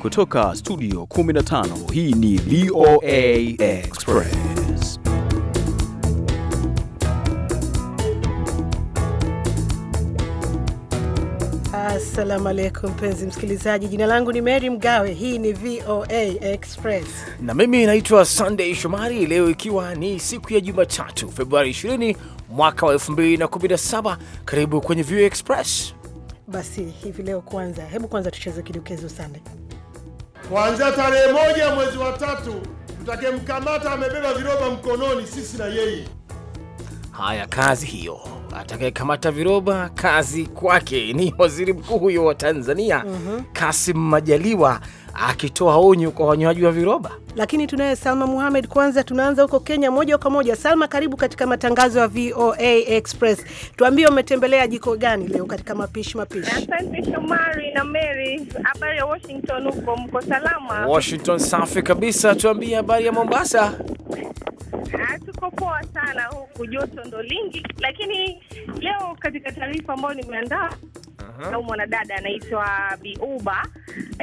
Kutoka studio 15 hii ni VOA Express. Assalamu alaikum mpenzi msikilizaji, jina langu ni Mary Mgawe, hii ni VOA Express na mimi naitwa Sunday Shomari. Leo ikiwa ni siku ya Jumatatu, Februari 20 mwaka wa 2017, karibu kwenye VOA Express. Basi hivi leo, kwanza hebu kwanza tucheze kidokezo Sunday kuanzia tarehe moja mwezi wa tatu mtakemkamata amebeba viroba mkononi, sisi na yeye. Haya, kazi hiyo. Atakayekamata viroba, kazi kwake. Ni waziri mkuu huyo wa Tanzania, mm -hmm. Kasim Majaliwa akitoa onyo kwa wanywaji wa viroba. Lakini tunaye Salma Muhamed. Kwanza tunaanza huko Kenya moja kwa moja. Salma, karibu katika matangazo ya VOA Express. Tuambie umetembelea jiko gani leo katika mapishi mapishi? Asante Shomari na Mary. Habari ya Washington, huko mko salama? Washington safi kabisa. Tuambie habari ya Mombasa. Ah, tuko poa sana huku, joto ndo lingi, lakini leo katika taarifa ambayo nimeandaa na huyu mwanadada anaitwa biuba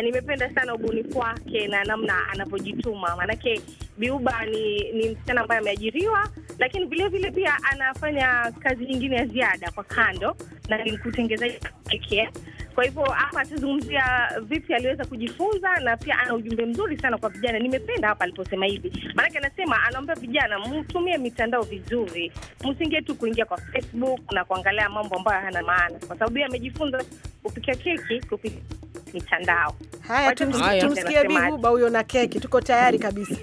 Nimependa sana ubunifu wake na namna anavyojituma, maanake biuba ni, ni msichana ambaye ameajiriwa, lakini vilevile pia anafanya kazi nyingine ya ziada kwa kando na ni mkutengezaji pekee kwa hivyo hapa atazungumzia vipi aliweza kujifunza, na pia ana ujumbe mzuri sana kwa vijana. Nimependa hapa aliposema hivi, maanake anasema anaomba vijana mtumie mitandao vizuri, msingie tu kuingia kwa Facebook na kuangalia mambo ambayo hayana maana, kwa sababu yeye amejifunza kupikia keki kupikia mitandao. Haya, tumsikie Bihuba huyo na keki, tuko tayari kabisa.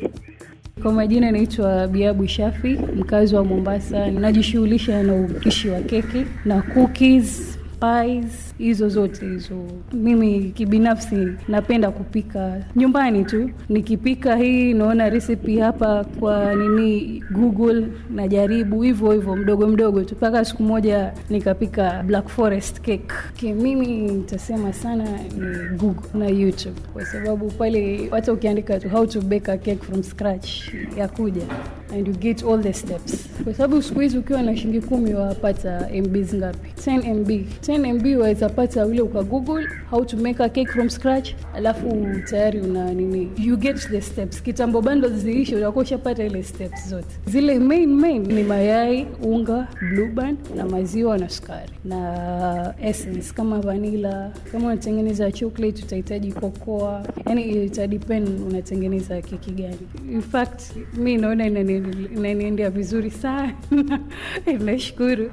Kwa majina naitwa Biabu Shafi, mkazi wa Mombasa. Ninajishughulisha na upishi wa keki na cookies pies hizo zote hizo. Mimi kibinafsi napenda kupika nyumbani tu, nikipika hii naona recipe hapa kwa nini Google, najaribu hivyo hivyo mdogo mdogo tu, mpaka siku moja nikapika black forest cake. Okay, mimi nitasema sana ni Google na YouTube kwa sababu pale watu ukiandika tu how to bake a cake from scratch yakuja and you get all the steps, kwa sababu siku hizi ukiwa na shilingi kumi wapata MBs ngapi? 10 MB. 10 MB wawezapata pata ule uka Google how to make a cake from scratch, alafu tayari una nini, you get the steps. Kitambo bando ziishe, utakuwa ushapata ile steps zote. Zile main main ni mayai, unga, blue band na maziwa na sukari na essence kama vanilla. Kama unatengeneza chocolate utahitaji kokoa, yani ita depend unatengeneza keki gani. In fact mi naona inani inaniendea vizuri sana eh, nashukuru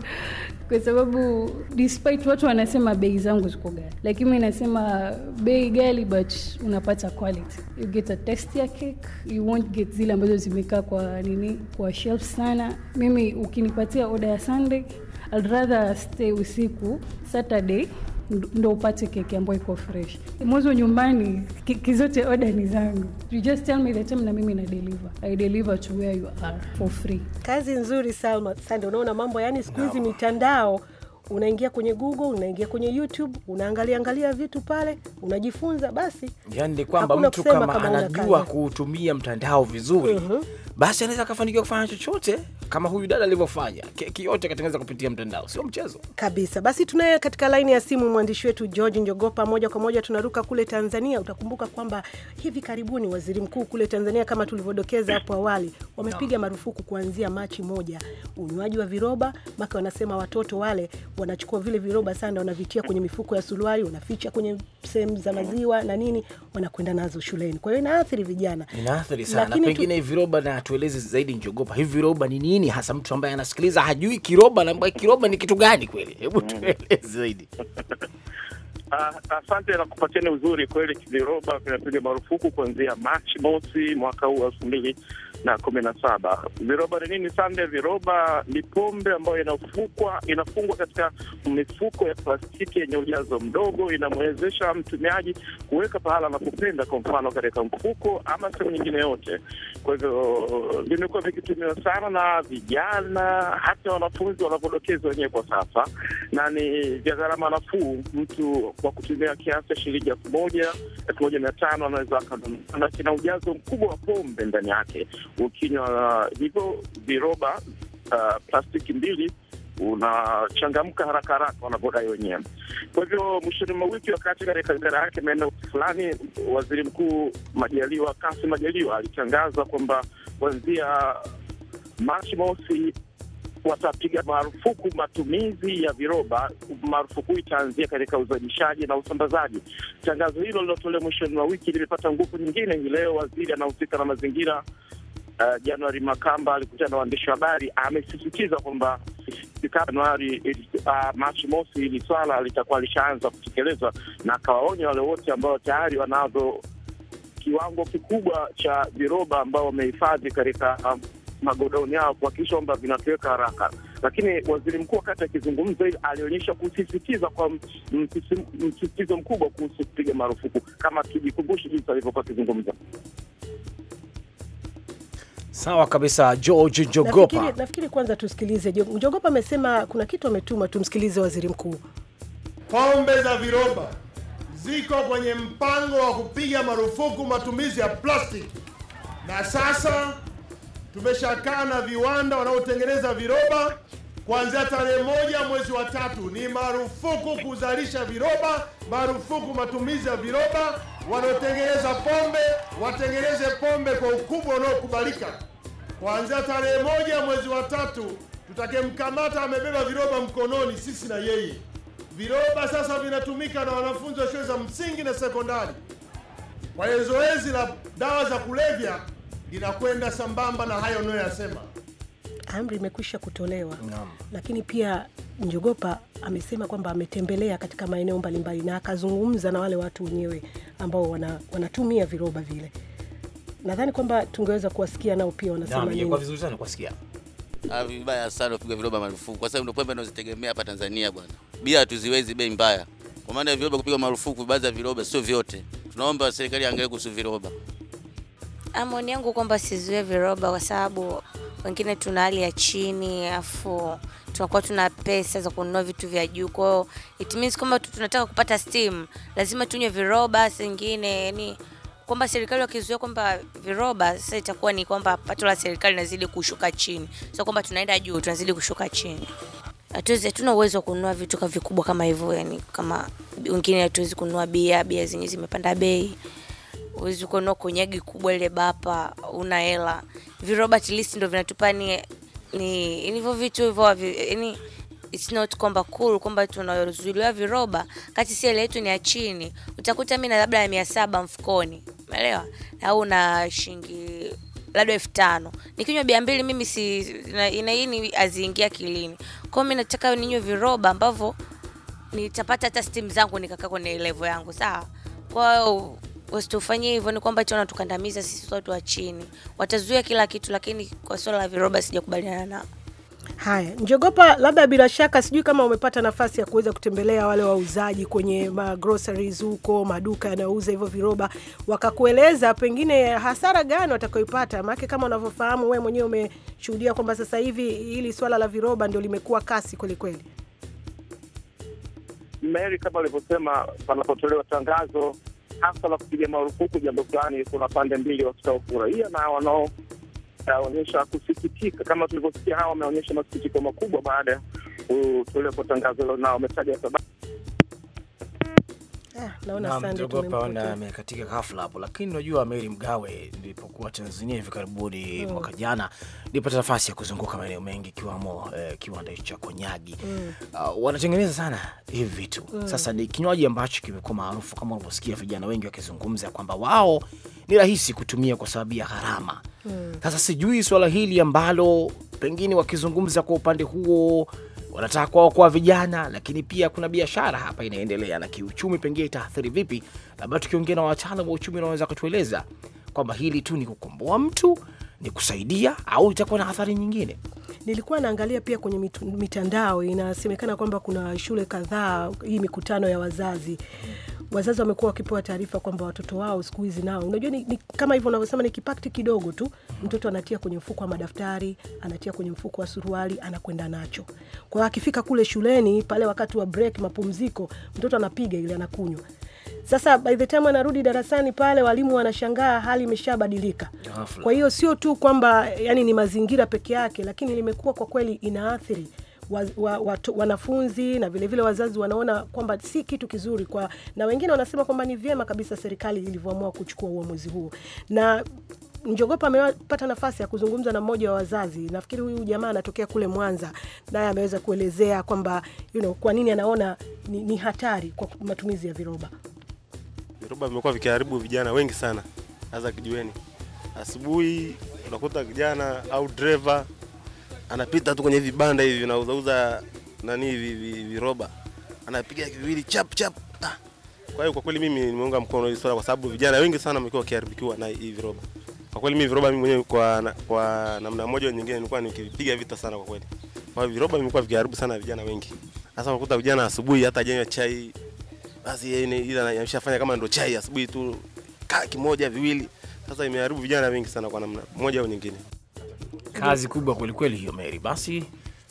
kwa sababu despite watu wanasema bei zangu ziko gali, lakini mi nasema bei gali, but unapata quality. You get a test ya cake, you won't get zile ambazo zimekaa kwa nini, kwa shelf sana. Mimi ukinipatia oda ya Sunday, I'd rather stay usiku Saturday ndo upate keki ambayo iko fresh. Mwanzo nyumbani kizote oda ni zangu, you just tell me the time na mimi na deliver. I deliver to where you are for free. Kazi nzuri Salma. Sasa unaona mambo yani siku hizi no. mitandao unaingia kwenye Google, unaingia kwenye YouTube, unaangalia angalia vitu pale, unajifunza basi. Yani ni kwamba mtu kama, kama anajua kuutumia mtandao vizuri, uh mhm. -huh basi anaweza akafanikiwa kufanya chochote kama huyu dada alivyofanya. Keki yote akatengeneza kupitia mtandao, sio mchezo kabisa. Basi tunaye katika laini ya simu mwandishi wetu George Njogopa. Moja kwa moja tunaruka kule Tanzania. Utakumbuka kwamba hivi karibuni waziri mkuu kule Tanzania, kama tulivyodokeza hapo awali, wamepiga marufuku kuanzia Machi moja unywaji wa viroba maka, wanasema watoto wale wanachukua vile viroba sana, wanavitia kwenye mifuko ya suruali, wanaficha kwenye sehemu za maziwa na nini, wanakwenda nazo shuleni. Kwa hiyo inaathiri vijana, inaathiri sana, pengine tu... viroba na atueleze zaidi Njogopa, hivi viroba ni nini hasa? Mtu ambaye anasikiliza hajui kiroba na kiroba ni kitu gani kweli, hebu mm. tueleze zaidi. Ah, asante na kupatieni uzuri. Kweli viroba vinapiga marufuku kuanzia Machi mosi mwaka huu elfu mbili na kumi na saba. Viroba ni nini, Sande? Viroba ni pombe ambayo inafukwa inafungwa katika mifuko ya plastiki yenye ujazo mdogo, inamwezesha mtumiaji kuweka pahala anapopenda, kwa mfano katika mfuko ama sehemu nyingine yote. Kwa hivyo vimekuwa vikitumiwa sana na vijana, hata wanafunzi wanavyodokeza wenyewe kwa sasa, na ni vya gharama nafuu. Mtu kwa kutumia kiasi cha shilingi elfu moja elfu moja mia tano anaweza akanunua, na kina ujazo mkubwa wa pombe ndani yake ukinywa uh, hivyo viroba uh, plastiki mbili unachangamka haraka haraka, wanavyodai wenyewe. Kwa hivyo mwishoni mwa wiki, wakati katika ziara yake maeneo fulani, waziri mkuu Majaliwa, Kassim Majaliwa alitangaza kwamba kuanzia Machi mosi watapiga marufuku matumizi ya viroba. Marufuku itaanzia katika uzalishaji na usambazaji. Tangazo hilo lilotolewa mwishoni mwa wiki limepata nguvu nyingine hii leo. Waziri anahusika na mazingira uh, eh, Januari Makamba alikutana na waandishi wa habari, amesisitiza kwamba Januari uh, eh, eh, Machi mosi hili swala litakuwa lishaanza kutekelezwa, na akawaonya wale wote ambao tayari wanazo kiwango kikubwa cha viroba ambao wamehifadhi katika um, magodauni yao kuhakikisha kwamba vinatoweka haraka. Lakini waziri mkuu wakati akizungumza hivi alionyesha kusisitiza kwa msisitizo mkubwa kuhusu kupiga marufuku, kama tujikumbushe jinsi alivyokuwa akizungumza. Sawa kabisa, George Jogopa. Nafikiri, nafikiri kwanza tusikilize Jogopa amesema kuna kitu ametuma, tumsikilize waziri mkuu. Pombe za viroba ziko kwenye mpango wa kupiga marufuku matumizi ya plastiki, na sasa tumeshakaa na viwanda wanaotengeneza viroba. Kuanzia tarehe moja mwezi wa tatu ni marufuku kuzalisha viroba, marufuku matumizi ya viroba. Wanaotengeneza pombe watengeneze pombe kwa ukubwa unaokubalika kuanzia tarehe moja mwezi wa tatu tutakemkamata amebeba viroba mkononi, sisi na yeye. Viroba sasa vinatumika na wanafunzi wa shule za msingi na sekondari. Kwa zoezi la dawa za kulevya linakwenda sambamba na hayo unayoyasema. Amri imekwisha kutolewa Naam. Lakini pia Njogopa amesema kwamba ametembelea katika maeneo mbalimbali na akazungumza na wale watu wenyewe ambao wanatumia viroba vile nadhani kwamba tungeweza kuwasikia nao pia wanasema nini. Vizuri sana kuwasikia ah, vibaya sana kupiga viroba marufuku, kwa sababu ndio pombe anazitegemea hapa Tanzania bwana. Bia hatuziwezi bei mbaya, kwa maana viroba kupiga marufuku, baadhi ya viroba sio vyote. Tunaomba serikali angalie kuhusu viroba. Ah, maoni yangu kwamba sizuie viroba kwa sababu wengine tuna hali ya chini, afu tunakuwa tuna pesa za kununua vitu vya juu. Kwa hiyo it means kwamba tunataka kupata steam, lazima tunywe viroba zingine, yani kwamba serikali wakizuia kwamba viroba, sasa itakuwa ni kwamba pato la serikali linazidi kushuka chini, sio kwamba tunaenda juu, tunazidi kushuka chini. Hatuwezi, hatuna uwezo wa kununua vitu kama vikubwa kama hivyo, yani kama wengine hatuwezi kununua bia, bia zenye zimepanda bei. Uwezi kununua konyagi kubwa ile bapa, una hela. Viroba at least ndo vinatupa ni ni hivyo vitu hivyo, yani it's not kwamba cool kwamba tunazuiliwa viroba, kati si ile yetu ni ya chini. Utakuta mimi na labda ya mia saba mfukoni, umeelewa, au na shilingi labda elfu tano nikinywa bia mbili mimi si ina hii aziingia kilini. Kwa hiyo mimi nataka ninywe viroba ambavyo nitapata hata stim zangu nikakaa kwenye level yangu, sawa. Kwa hiyo wasitufanyie hivyo, ni kwamba hicho wanatukandamiza sisi watu wa chini, watazuia kila kitu, lakini kwa swala la viroba sijakubaliana nao. Haya, Njogopa, labda bila shaka, sijui kama umepata nafasi ya kuweza kutembelea wale wauzaji kwenye ma huko, maduka yanayouza hivyo viroba, wakakueleza pengine hasara gani watakaoipata? Maana kama unavyofahamu wewe mwenyewe umeshuhudia kwamba sasa hivi hili swala la viroba ndio limekuwa kasi kweli kweli. kama alivyosema, panapotolewa tangazo hasa la kupiga marufuku jambo fulani, kuna pande mbili watakaofurahia na wanao itaonyesha kusikitika kama tulivyosikia, hawa wameonyesha masikitiko makubwa baada ya kutolewa kwa tangazo na wametaja sababu naona amekatika ghafla hapo, lakini unajua Mary Mgawe, nilipokuwa Tanzania hivi karibuni mm. mwaka jana nilipata nafasi ya kuzunguka maeneo mengi ikiwamo eh, kiwanda cha konyagi mm. uh, wanatengeneza sana hivi vitu mm. Sasa ni kinywaji ambacho kimekuwa maarufu kama unavyosikia vijana wengi wakizungumza kwamba wao ni rahisi kutumia kwa sababu ya gharama. Mm. Sasa sijui swala hili ambalo pengine wakizungumza kwa upande huo wanataka kuwaokoa vijana, lakini pia kuna biashara hapa inaendelea na kiuchumi, pengine itaathiri vipi? Labda tukiongea na wataalam wa uchumi wanaweza kutueleza kwamba hili tu ni kukomboa mtu, ni kusaidia au itakuwa na athari nyingine. Nilikuwa naangalia pia kwenye mitandao, inasemekana kwamba kuna shule kadhaa, hii mikutano ya wazazi wazazi wamekuwa wakipewa taarifa kwamba watoto wao siku hizi nao, unajua ni, ni kama hivyo unavyosema, ni kipakti kidogo tu, mtoto anatia kwenye mfuko wa madaftari, anatia kwenye mfuko wa suruali, anakwenda nacho. Kwa hiyo akifika kule shuleni pale, wakati wa break, mapumziko, mtoto anapiga ile, anakunywa sasa by the time anarudi darasani pale, walimu wanashangaa, hali imeshabadilika. Kwa hiyo sio tu kwamba yani ni mazingira peke yake, lakini limekuwa kwa kweli inaathiri wa, wa, wanafunzi na vilevile vile wazazi wanaona kwamba si kitu kizuri kwa, na wengine wanasema kwamba ni vyema kabisa serikali ilivyoamua kuchukua uamuzi huo na Njogopa amepata nafasi ya kuzungumza na mmoja wa wazazi. Nafikiri huyu jamaa anatokea kule Mwanza, naye ameweza kuelezea kwamba you know, kwa nini anaona ni, ni hatari kwa matumizi ya viroba. Viroba vimekuwa vikiharibu vijana wengi sana, hasa kijiweni. Asubuhi unakuta kijana au dreva anapita tu kwenye vibanda hivi vinauzauza nani hivi viroba, anapiga kiwili chap chap. ah. Kwa hiyo kwa kweli mimi nimeunga mkono hili swala, kwa sababu vijana wengi sana wamekuwa wakiharibikiwa na hivi viroba. Kwa kweli mimi viroba mimi mwenyewe kwa, kwa namna moja au nyingine nilikuwa nikipiga vita sana kwa kweli, kwa hiyo viroba vimekuwa vikiharibu sana vijana wengi. Sasa unakuta vijana asubuhi hata hajanywa chai, basi yeye ni ila anashafanya kama ndo chai asubuhi tu, kaa kimoja viwili. Sasa imeharibu vijana wengi sana kwa namna moja au nyingine. Kazi kubwa kwelikweli hiyo Meri. Basi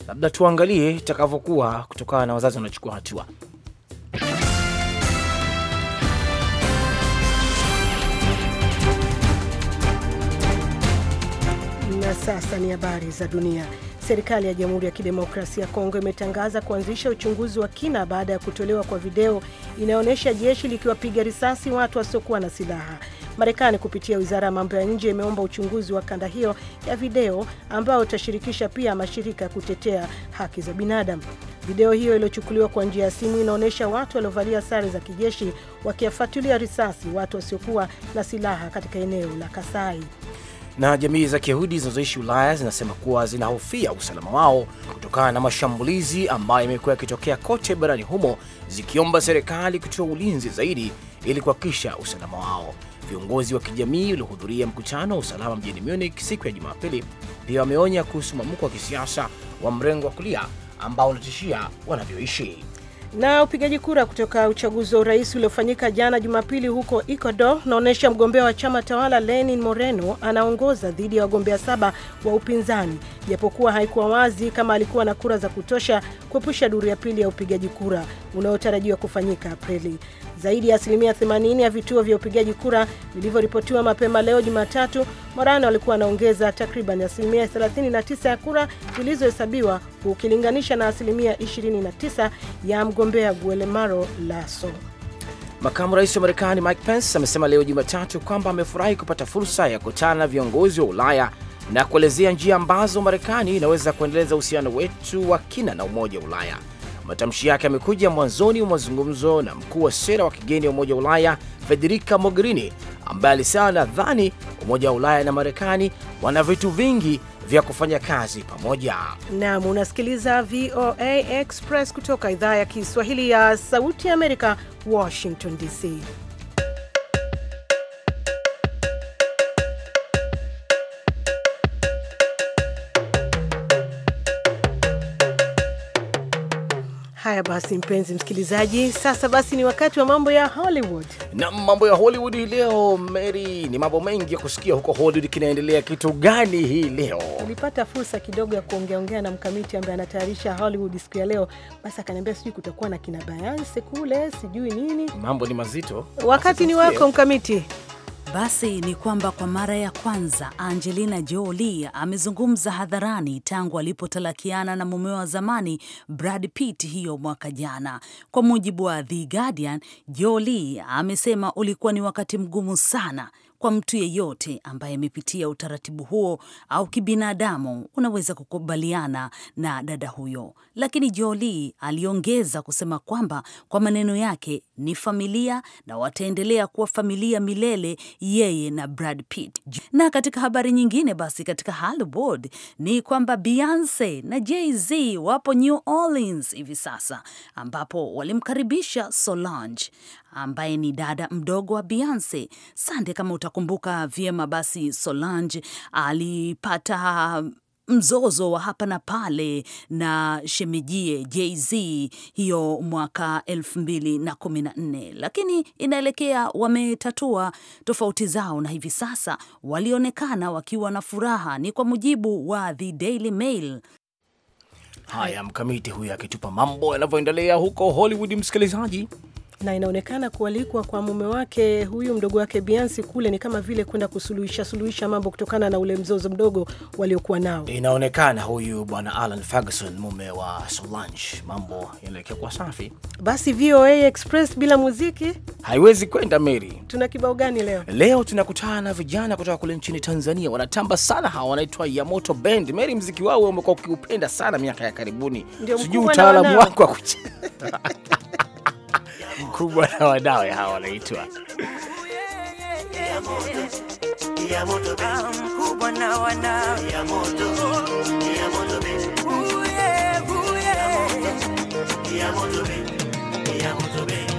labda tuangalie itakavyokuwa kutokana na wazazi wanachukua hatua. Na sasa ni habari za dunia. Serikali ya Jamhuri ya Kidemokrasia ya Kongo imetangaza kuanzisha uchunguzi wa kina baada ya kutolewa kwa video inayoonyesha jeshi likiwapiga risasi watu wasiokuwa na silaha. Marekani kupitia wizara ya mambo ya nje imeomba uchunguzi wa kanda hiyo ya video ambayo itashirikisha pia mashirika ya kutetea haki za binadamu. Video hiyo iliyochukuliwa kwa njia ya simu inaonyesha watu waliovalia sare za kijeshi wakiwafuatilia risasi watu wasiokuwa na silaha katika eneo la Kasai. Na jamii za Kiyahudi zinazoishi Ulaya zinasema kuwa zinahofia usalama wao kutokana na mashambulizi ambayo yamekuwa yakitokea kote barani humo, zikiomba serikali kutoa ulinzi zaidi ili kuhakikisha usalama wao. Viongozi wa kijamii waliohudhuria mkutano wa usalama mjini Munich siku ya Jumapili pia wameonya kuhusu mwamko wa kisiasa wa mrengo wa kulia ambao unatishia wanavyoishi. Na upigaji kura kutoka uchaguzi wa urais uliofanyika jana Jumapili huko Ecuador unaonyesha mgombea wa chama tawala Lenin Moreno anaongoza dhidi ya wagombea saba wa upinzani, japokuwa haikuwa wazi kama alikuwa na kura za kutosha kuepusha duru ya pili ya upigaji kura unaotarajiwa kufanyika Aprili. Zaidi ya asilimia 80 ya vituo vya upigaji kura vilivyoripotiwa mapema leo Jumatatu, Morano alikuwa anaongeza takriban asilimia 39 ya kura zilizohesabiwa ukilinganisha na asilimia 29 ya mgombea guelemaro Lasso. Makamu rais wa Marekani Mike Pence amesema leo Jumatatu kwamba amefurahi kupata fursa ya kukutana na viongozi wa Ulaya na kuelezea njia ambazo Marekani inaweza kuendeleza uhusiano wetu wa kina na Umoja wa Ulaya. Matamshi yake yamekuja mwanzoni mwa mazungumzo na mkuu wa sera wa kigeni wa Umoja wa Ulaya Federica Mogherini, ambaye alisema nadhani Umoja wa Ulaya na Marekani wana vitu vingi vya kufanya kazi pamoja. Naam, unasikiliza VOA Express kutoka idhaa ya Kiswahili ya Sauti ya Amerika, Washington DC. Haya basi, mpenzi msikilizaji, sasa basi ni wakati wa mambo ya Hollywood. Na mambo ya Hollywood hii leo, Mary, ni mambo mengi ya kusikia huko Hollywood. Kinaendelea kitu gani hii leo? Nilipata fursa kidogo ya kuongeaongea na mkamiti ambaye anatayarisha Hollywood siku ya leo, basi akaniambia sijui kutakuwa na kina Beyonce kule, sijui nini. Mambo ni mazito. Wakati ni wako mkamiti. Basi ni kwamba kwa mara ya kwanza Angelina Jolie amezungumza hadharani tangu alipotalakiana na mume wa zamani Brad Pitt, hiyo mwaka jana. Kwa mujibu wa The Guardian, Jolie amesema ulikuwa ni wakati mgumu sana kwa mtu yeyote ambaye amepitia utaratibu huo au kibinadamu unaweza kukubaliana na dada huyo. Lakini Jolie aliongeza kusema kwamba kwa maneno yake ni familia na wataendelea kuwa familia milele, yeye na Brad Pitt. Na katika habari nyingine, basi katika Hollywood ni kwamba Beyonce na Jay-Z wapo New Orleans hivi sasa ambapo walimkaribisha Solange ambaye ni dada mdogo wa Beyonce. Sande, kama utakumbuka vyema, basi Solange alipata mzozo wa hapa na pale na shemejie Jay-Z hiyo mwaka elfu mbili na kumi na nne, lakini inaelekea wametatua tofauti zao na hivi sasa walionekana wakiwa na furaha. Ni kwa mujibu wa The Daily Mail. Haya, mkamiti huyo akitupa mambo yanavyoendelea huko Hollywood, msikilizaji na inaonekana kualikwa kwa mume wake huyu mdogo wake Biansi kule ni kama vile kwenda kusuluhisha suluhisha mambo kutokana na ule mzozo mdogo waliokuwa nao. Inaonekana huyu bwana Alan Ferguson mume wa Solange, mambo yanaelekea kuwa safi. Basi VOA Express bila muziki haiwezi kwenda. Mary, tuna kibao gani leo? Leo tunakutana na vijana kutoka kule nchini Tanzania, wanatamba sana hawa, wanaitwa Yamoto Band. Mary, mziki wao umekuwa ukiupenda sana miaka ya karibuni, sijui utaalamu wako wa kucheza mkubwa na wanawe hawa wanaitwa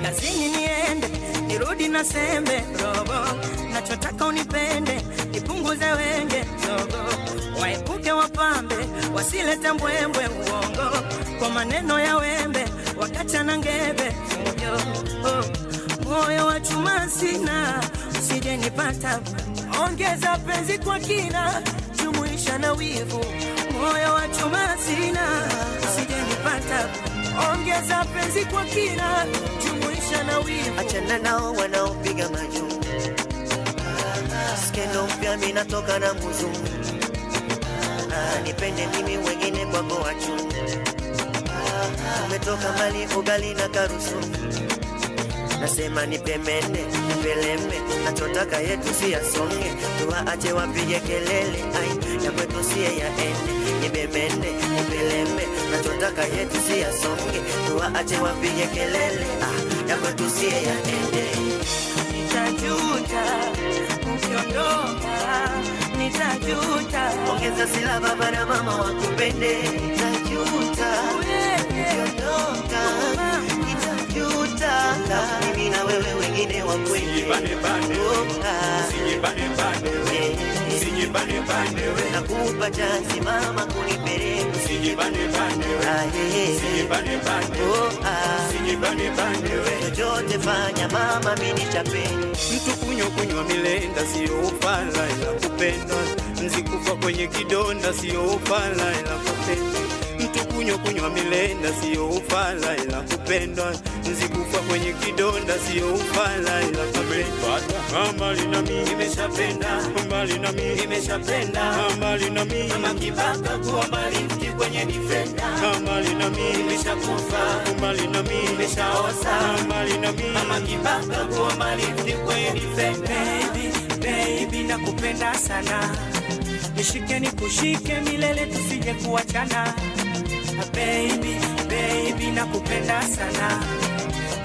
kazini niende nirudi na sembe robo, nachotaka unipende nipunguze wenge zogo, waepuke wapambe wasileta mbwembwe uongo kwa maneno ya wembe wakachana ngebe moyo oh, moyo wa chuma sina, usije nipata. Ongeza penzi kwa kina, jumuisha na wivu. Moyo wa chuma sina, usije nipata. Ongeza penzi kwa kina, jumuisha na wivu. Achana nao wanaopiga majuu, skendo mpya minatoka na muzungu, ah, nipende mimi, wengine kwako wachungu umetoka mali ugali na karusu, nasema ni pemene peleme, nachotaka yetu si yasonge, tuwaache wapige kelele, ai ya kwetu siye yaende, ni pemene ni peleme, nachotaka yetu si yasonge, tuwaache wapige kelele, ah, ya kwetu siye yaende, nitajuta ukiondoka nitajuta. Ongeza sila baba na mama wakupende, nitajuta na wewe wengine wa kweli na kupa chansi chochote fanya mama mini chapeni mtu kunywa kunywa milenda sio ufala ila kupendwa mzikufa kwenye kidonda sio ufala ila kupendwa kunywa kunywa milenda, sio ufala ila kupendwa. Nzikufa kwenye kidonda, sio ufala ila kupendwa. mbali na mimi nimeshapenda, mbali na mimi nimeshapenda, mbali na mimi kama kibaka kuwa maliki kwenye defender, mbali na mimi nimeshakufa, mbali na mimi nimeshaosa, mbali na mimi kama kibaka kuwa maliki kwenye defender. Baby baby, nakupenda sana, nishike nikushike milele, tusije kuachana na baby, baby nakupenda sana,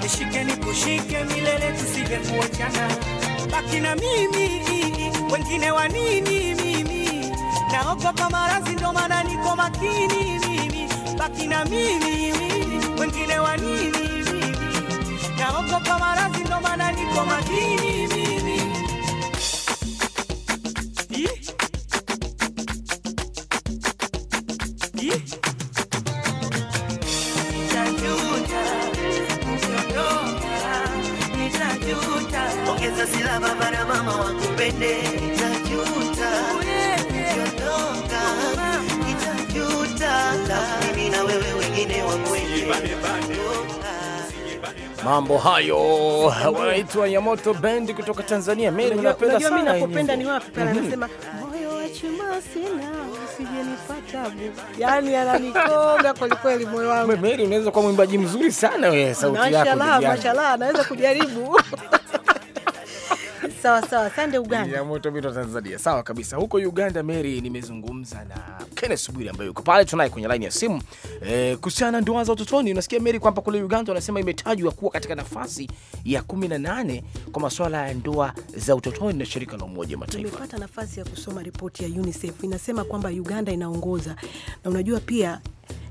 nishike nikushike milele tusije kuachana, baki na mimi, wengine wa nini? Mimi naogopa maradhi, ndo maana niko makini mimi, baki na mimi, wengine wa nini? Naogopa ndo maana niko makini mimi Mambo hayo wanaitwa Yamoto Bendi kutoka Tanzania. Mimi napenda sana, mimi napopenda ni wapi pale, mhm. anasema moyo wa chuma sina Yani ananikonga kweli kweli moyo wangu. Mary, unaweza kuwa mwimbaji mzuri sana wewe, sauti yako. Mashallah, mashallah, anaweza kujaribu. Sawa sawa, sande Uganda. Yamoto Band Tanzania. Sawa kabisa. Huko Uganda, Mary, nimezungumza na Kenneth Bwire ambaye yuko pale, tunaye kwenye line ya simu e, kuhusiana na ndoa za utotoni. Unasikia Mary kwamba kule Uganda wanasema imetajwa kuwa katika nafasi ya 18 kwa masuala ya ndoa za utotoni na shirika la Umoja wa Mataifa. Nimepata nafasi ya kusoma ripoti ya UNICEF inasema kwamba Uganda inaongoza, na unajua pia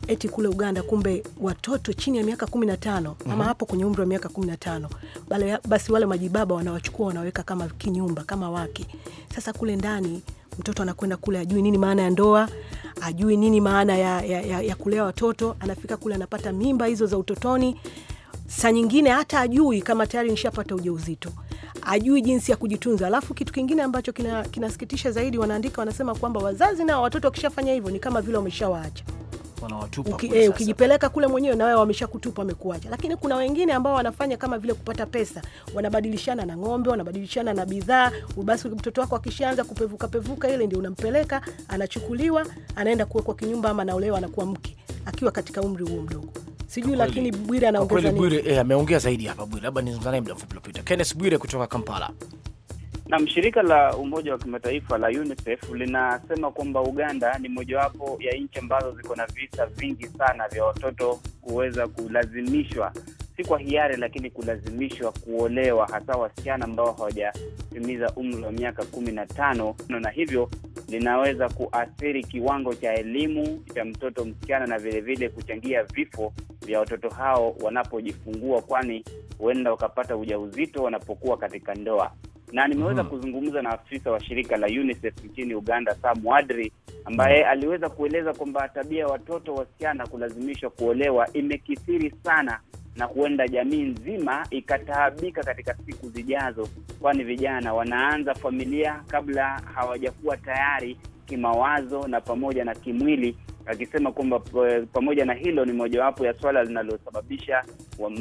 eti kule Uganda kumbe watoto chini ya miaka kumi na tano ama mm -hmm. hapo kwenye umri wa miaka kumi na tano basi wale majibaba wanawachukua wanaweka kama kinyumba kama wake. Sasa kule ndani mtoto anakwenda kule ajui nini maana ya ndoa, ajui nini maana ya, ya, ya, ya kulea watoto. Anafika kule anapata mimba hizo za utotoni, saa nyingine hata ajui kama tayari nishapata ujauzito, ajui jinsi ya kujitunza. Alafu kitu kingine ambacho kinasikitisha kina zaidi, wanaandika wanasema kwamba wazazi nao watoto wakishafanya hivyo ni kama vile wameshawaacha wanawatupa uki, eh, ukijipeleka kule mwenyewe na wao wameshakutupa wamekuacha. Lakini kuna wengine ambao wanafanya kama vile kupata pesa, wanabadilishana na ng'ombe, wanabadilishana na bidhaa. Basi mtoto wako akishaanza kupevuka pevuka ile ndio unampeleka, anachukuliwa, anaenda kuwekwa kinyumba, ama anaolewa, anakuwa mke akiwa katika umri huo mdogo. Sijui lakini Bwire anaongeza nini? Bwire eh, ameongea zaidi hapa. Bwire labda nizungumza naye muda mfupi uliopita. Kenneth Bwire kutoka Kampala. Nam, shirika la Umoja wa Kimataifa la UNICEF linasema kwamba Uganda ni mojawapo ya nchi ambazo ziko na visa vingi sana vya watoto kuweza kulazimishwa, si kwa hiari, lakini kulazimishwa kuolewa, hasa wasichana ambao hawajatimiza umri wa miaka kumi na tano, na hivyo linaweza kuathiri kiwango cha elimu cha mtoto msichana na vilevile vile kuchangia vifo vya watoto hao wanapojifungua, kwani huenda wakapata ujauzito wanapokuwa katika ndoa na nimeweza mm -hmm. kuzungumza na afisa wa shirika la UNICEF nchini Uganda, Sam Wadri ambaye mm -hmm. aliweza kueleza kwamba tabia ya watoto wasichana kulazimishwa kuolewa imekithiri sana na huenda jamii nzima ikataabika katika siku zijazo, kwani vijana wanaanza familia kabla hawajakuwa tayari kimawazo na pamoja na kimwili akisema kwamba eh, pamoja na hilo ni mojawapo ya swala linalosababisha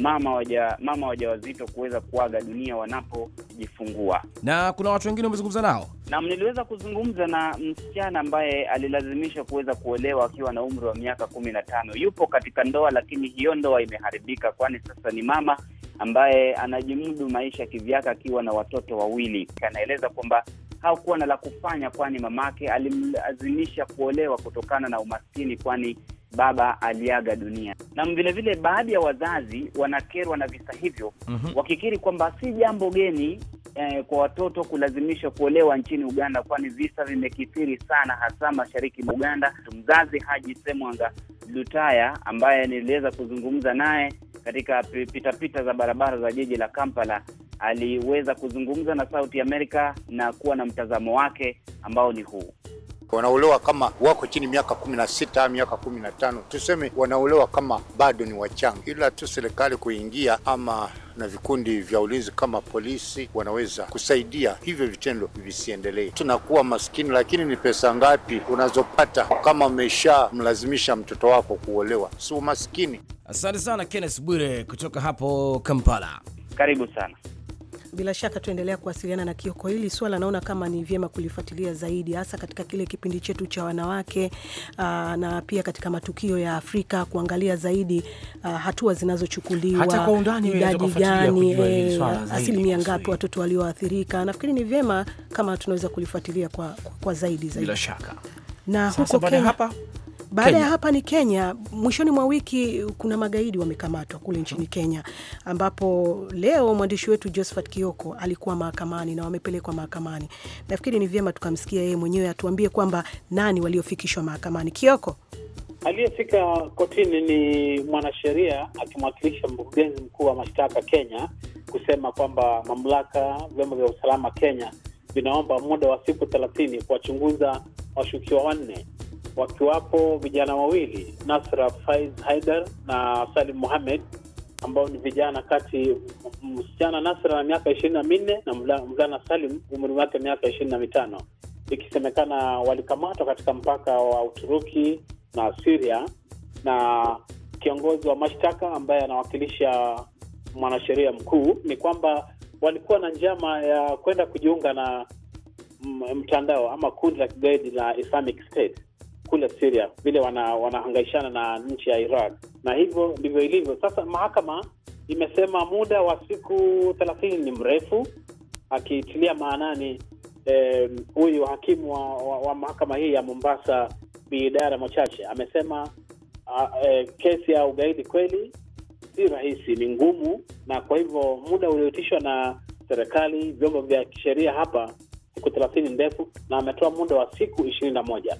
mama waja mama wajawazito kuweza kuaga dunia wanapojifungua. Na kuna watu wengine umezungumza nao? Naam, niliweza kuzungumza na msichana ambaye alilazimishwa kuweza kuolewa akiwa na umri wa miaka kumi na tano. Yupo katika ndoa, lakini hiyo ndoa imeharibika, kwani sasa ni mama ambaye anajimudu maisha kivyake akiwa na watoto wawili. Anaeleza kwamba hakuwa na la kufanya, kwani mamake alimlazimisha kuolewa kutokana na umaskini, kwani baba aliaga dunia. Na vilevile baadhi ya wazazi wanakerwa na visa hivyo mm -hmm. wakikiri kwamba si jambo geni eh, kwa watoto kulazimisha kuolewa nchini Uganda, kwani visa vimekithiri sana, hasa mashariki mwa Uganda. Mzazi Haji Semwanga Lutaya ambaye niliweza kuzungumza naye katika pitapita za barabara za jiji la Kampala aliweza kuzungumza na Sauti Amerika na kuwa na mtazamo wake ambao ni huu. Wanaolewa kama wako chini miaka kumi na sita miaka kumi na tano tuseme wanaolewa kama bado ni wachanga, ila tu serikali kuingia ama na vikundi vya ulinzi kama polisi wanaweza kusaidia hivyo vitendo visiendelee. Tunakuwa maskini, lakini ni pesa ngapi unazopata kama umeshamlazimisha mtoto wako kuolewa? Si umaskini. Asante sana Kenneth Bwire kutoka hapo Kampala, karibu sana bila shaka tuendelea kuwasiliana na Kioko. Hili swala naona kama ni vyema kulifuatilia zaidi, hasa katika kile kipindi chetu cha wanawake aa, ah, na pia katika matukio ya Afrika kuangalia zaidi aa, ah, hatua zinazochukuliwa, idadi gani, eh, asilimia ngapi watoto walioathirika. Nafikiri ni vyema kama tunaweza kulifuatilia kwa, kwa zaidi zaidi, bila shaka na huko Kenya hapa baada ya hapa ni Kenya. Mwishoni mwa wiki kuna magaidi wamekamatwa kule nchini Kenya, ambapo leo mwandishi wetu Josephat Kioko alikuwa mahakamani na wamepelekwa mahakamani. Nafikiri ni vyema tukamsikia yeye mwenyewe atuambie kwamba nani waliofikishwa mahakamani. Kioko aliyefika kotini ni mwanasheria akimwakilisha mkurugenzi mkuu wa mashtaka Kenya kusema kwamba mamlaka, vyombo vya usalama Kenya vinaomba muda wa siku thelathini kuwachunguza washukiwa wanne wakiwapo vijana wawili Nasra Faiz Haider na Salim muhamed ambao ni vijana kati, msichana Nasra na miaka ishirini na minne na mvulana Salim umri wake miaka ishirini na mitano ikisemekana walikamatwa katika mpaka wa Uturuki na siria na kiongozi wa mashtaka ambaye anawakilisha mwanasheria mkuu ni kwamba walikuwa na njama ya kwenda kujiunga na mtandao ama kundi la kigaidi la Islamic State kule Syria vile wana, wanahangaishana na nchi ya Iraq, na hivyo ndivyo ilivyo sasa. Mahakama imesema muda wa siku thelathini ni mrefu, akitilia maanani huyu eh, hakimu wa, wa, wa mahakama hii ya Mombasa biidara machache amesema a, e, kesi ya ugaidi kweli si rahisi, ni ngumu, na kwa hivyo muda ulioitishwa na serikali, vyombo vya kisheria hapa siku thelathini ndefu, na ametoa muda wa siku ishirini na moja.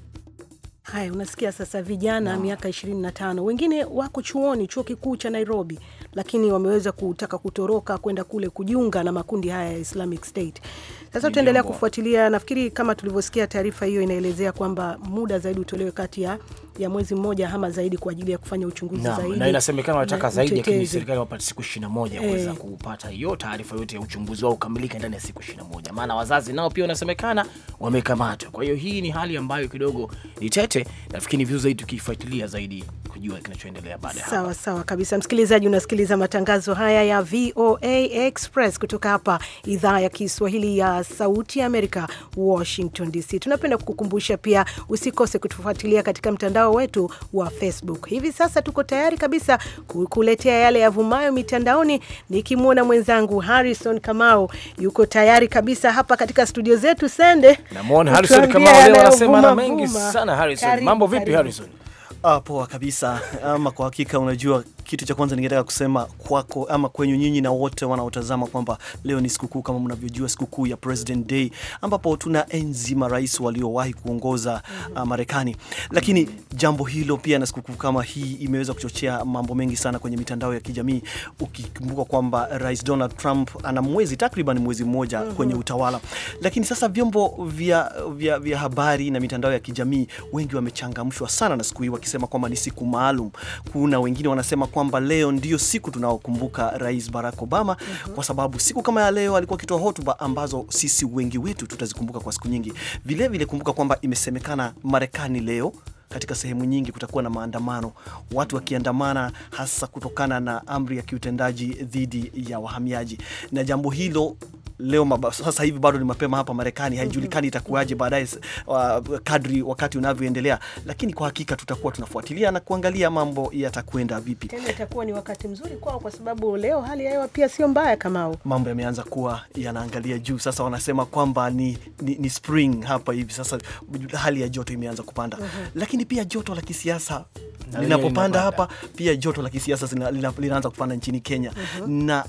Haya, unasikia sasa vijana no. miaka 25 wengine wako chuoni, chuo kikuu cha Nairobi, lakini wameweza kutaka kutoroka kwenda kule kujiunga na makundi haya ya Islamic State. Sasa tutaendelea kufuatilia. Nafikiri kama tulivyosikia taarifa hiyo inaelezea kwamba muda zaidi utolewe kati ya ya mwezi mmoja ama zaidi kwa ajili ya kufanya uchunguzi na zaidi, na inasemekana wanataka zaidi, lakini serikali wapate siku 21 hey, eh. kuweza kupata hiyo taarifa yote ya uchunguzi wao ukamilike ndani ya siku 21, maana wazazi nao pia wanasemekana wamekamatwa. Kwa hiyo hii ni hali ambayo kidogo ni tete, nafikiri ni vizuri zaidi tukifuatilia zaidi kujua kinachoendelea baada ya hapo. Sawa sawa kabisa, msikilizaji, unasikiliza matangazo haya ya VOA Express kutoka hapa idhaa ya Kiswahili ya Sauti ya Amerika, Washington DC. Tunapenda kukukumbusha pia usikose kutufuatilia katika mtandao mtandao wetu wa Facebook. Hivi sasa tuko tayari kabisa kukuletea yale yavumayo mitandaoni, nikimwona mwenzangu Harrison Kamau yuko tayari kabisa hapa katika studio zetu. Sende, namwona Harrison Kamau leo anasema na mengi sana. Harrison, mambo vipi Harrison? Ah, poa kabisa. Ama kwa hakika unajua kitu cha kwanza ningetaka kusema kwako ama kwenyu nyinyi na wote wanaotazama kwamba leo ni sikukuu kama mnavyojua, sikukuu ya President Day ambapo tuna enzi marais waliowahi kuongoza uh, Marekani, lakini jambo hilo pia na sikukuu kama hii imeweza kuchochea mambo mengi sana kwenye mitandao ya kijamii, ukikumbuka kwamba Rais Donald Trump ana mwezi takriban mwezi mmoja mhm. kwenye utawala, lakini sasa vyombo vya, vya, vya habari na mitandao ya kijamii wengi wamechangamshwa sana na siku hii wakisema kwamba ni siku maalum. Kuna wengine wanasema kwamba leo ndio siku tunaokumbuka Rais Barack Obama mm -hmm. kwa sababu siku kama ya leo alikuwa akitoa hotuba ambazo sisi wengi wetu tutazikumbuka kwa siku nyingi. Vilevile vile kumbuka kwamba imesemekana Marekani leo katika sehemu nyingi kutakuwa na maandamano, watu wakiandamana hasa kutokana na amri ya kiutendaji dhidi ya wahamiaji, na jambo hilo leo maba, sasa hivi bado ni mapema hapa Marekani, haijulikani itakuwaje baadaye kadri wakati unavyoendelea, lakini kwa hakika tutakuwa tunafuatilia na kuangalia mambo yatakwenda vipi. Tena itakuwa ni wakati mzuri kwao, kwa sababu leo hali ya hewa pia sio mbaya, kama mambo yameanza kuwa yanaangalia juu. Sasa wanasema kwamba ni, ni, ni spring hapa hivi sasa, hali ya joto imeanza kupanda. Uhum. Lakini pia joto la kisiasa linapopanda hapa, pia joto la kisiasa linaanza kupanda nchini Kenya. Uhum. na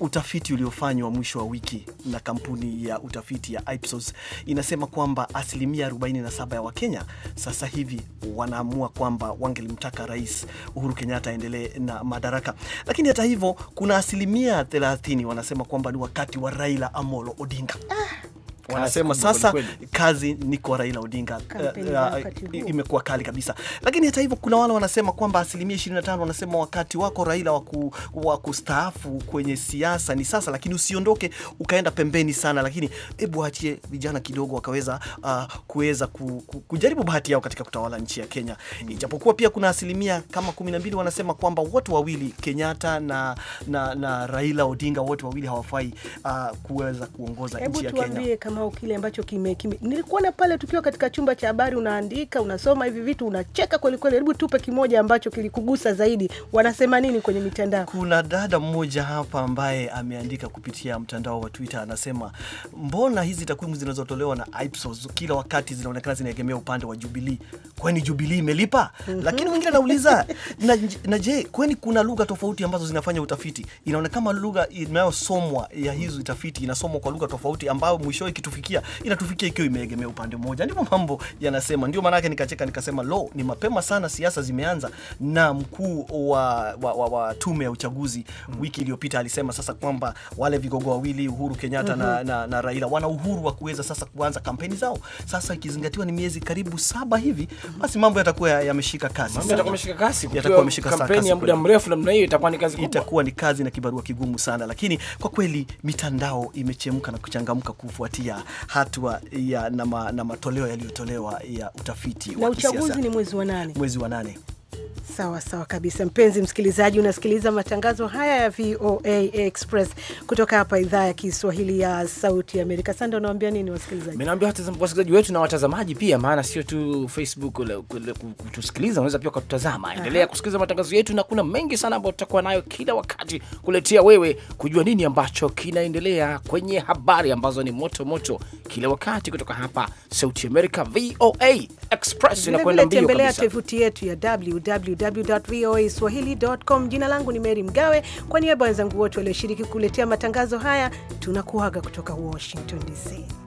Utafiti uliofanywa mwisho wa wiki na kampuni ya utafiti ya Ipsos inasema kwamba asilimia 47 ya Wakenya sasa hivi wanaamua kwamba wangelimtaka Rais Uhuru Kenyatta aendelee na madaraka, lakini hata hivyo kuna asilimia 30 wanasema kwamba ni wakati wa Raila Amolo Odinga ah wanasema sasa kwele, kazi ni kwa Raila Odinga uh, imekuwa kali kabisa. Lakini hata hivyo kuna wale wanasema kwamba asilimia 25 wanasema wakati wako Raila wa kustaafu kwenye siasa ni sasa, lakini usiondoke ukaenda pembeni sana, lakini hebu achie vijana kidogo wakaweza uh, kuweza ku, ku, kujaribu bahati yao katika kutawala nchi ya Kenya mm. Ijapokuwa pia kuna asilimia kama 12 wanasema kwamba wote wawili Kenyatta na, na, na Raila Odinga wote wawili hawafai uh, kuweza kuongoza nchi ya Kenya au kile ambacho kime, kime. Nilikuona pale tukiwa katika chumba cha habari, unaandika unasoma hivi vitu unacheka kwelikweli. Hebu tupe kimoja ambacho kilikugusa zaidi, wanasema nini kwenye mitandao? Kuna dada mmoja hapa ambaye ameandika kupitia mtandao wa Twitter, anasema mbona hizi takwimu zinazotolewa na Ipsos kila wakati zinaonekana zinaegemea upande wa Jubilee, kwani Jubilee imelipa? mm -hmm. Lakini mwingine anauliza na, na je, kwani kuna lugha tofauti ambazo zinafanya utafiti? Inaonekana lugha inayosomwa ya hizo utafiti inasomwa kwa lugha tofauti ambayo mwishowe ikitufikia inatufikia ikiwa imeegemea upande mmoja. Ndivyo mambo yanasema, ndio maanake nikacheka nikasema, lo, ni mapema sana siasa zimeanza. Na mkuu wa, wa, wa, wa tume ya uchaguzi mm. wiki iliyopita alisema sasa kwamba wale vigogo wawili Uhuru Kenyatta mm -hmm. na, mm-hmm. na, na Raila wana uhuru wa kuweza sasa kuanza kampeni zao. Sasa ikizingatiwa ni miezi karibu saba hivi, basi mambo yatakuwa yameshika kasi, yatakuwa yameshika kampeni ya muda mrefu namna hiyo, itakuwa ni kazi kubwa, itakuwa ni kazi na kibarua kigumu sana, lakini kwa kweli mitandao imechemka na kuchangamka kufuatia hatua ya na, ma, na matoleo yaliyotolewa ya utafiti na wa Uchaguzi ni mwezi wa nane, mwezi wa nane. Sawa sawa kabisa, mpenzi msikilizaji, unasikiliza matangazo haya ya VOA Express kutoka hapa idhaa ya Kiswahili ya Sauti ya Amerika. Sanda, unawambia nini wasikilizaji? Minaambia wasikilizaji wetu na watazamaji pia, maana sio tu Facebook kutusikiliza, unaweza pia ukatutazama. Endelea kusikiliza matangazo yetu, na kuna mengi sana ambayo tutakuwa nayo kila wakati kuletea wewe kujua nini ambacho kinaendelea kwenye habari ambazo ni moto moto kila wakati kutoka hapa Sauti ya Amerika. VOA Express inakwenda mbio kabisa. Tembelea tovuti yetu ya www www.voaswahili.com. Jina langu ni Mary Mgawe, kwa niaba ya wenzangu wote walioshiriki kuletea matangazo haya, tunakuaga kutoka Washington DC.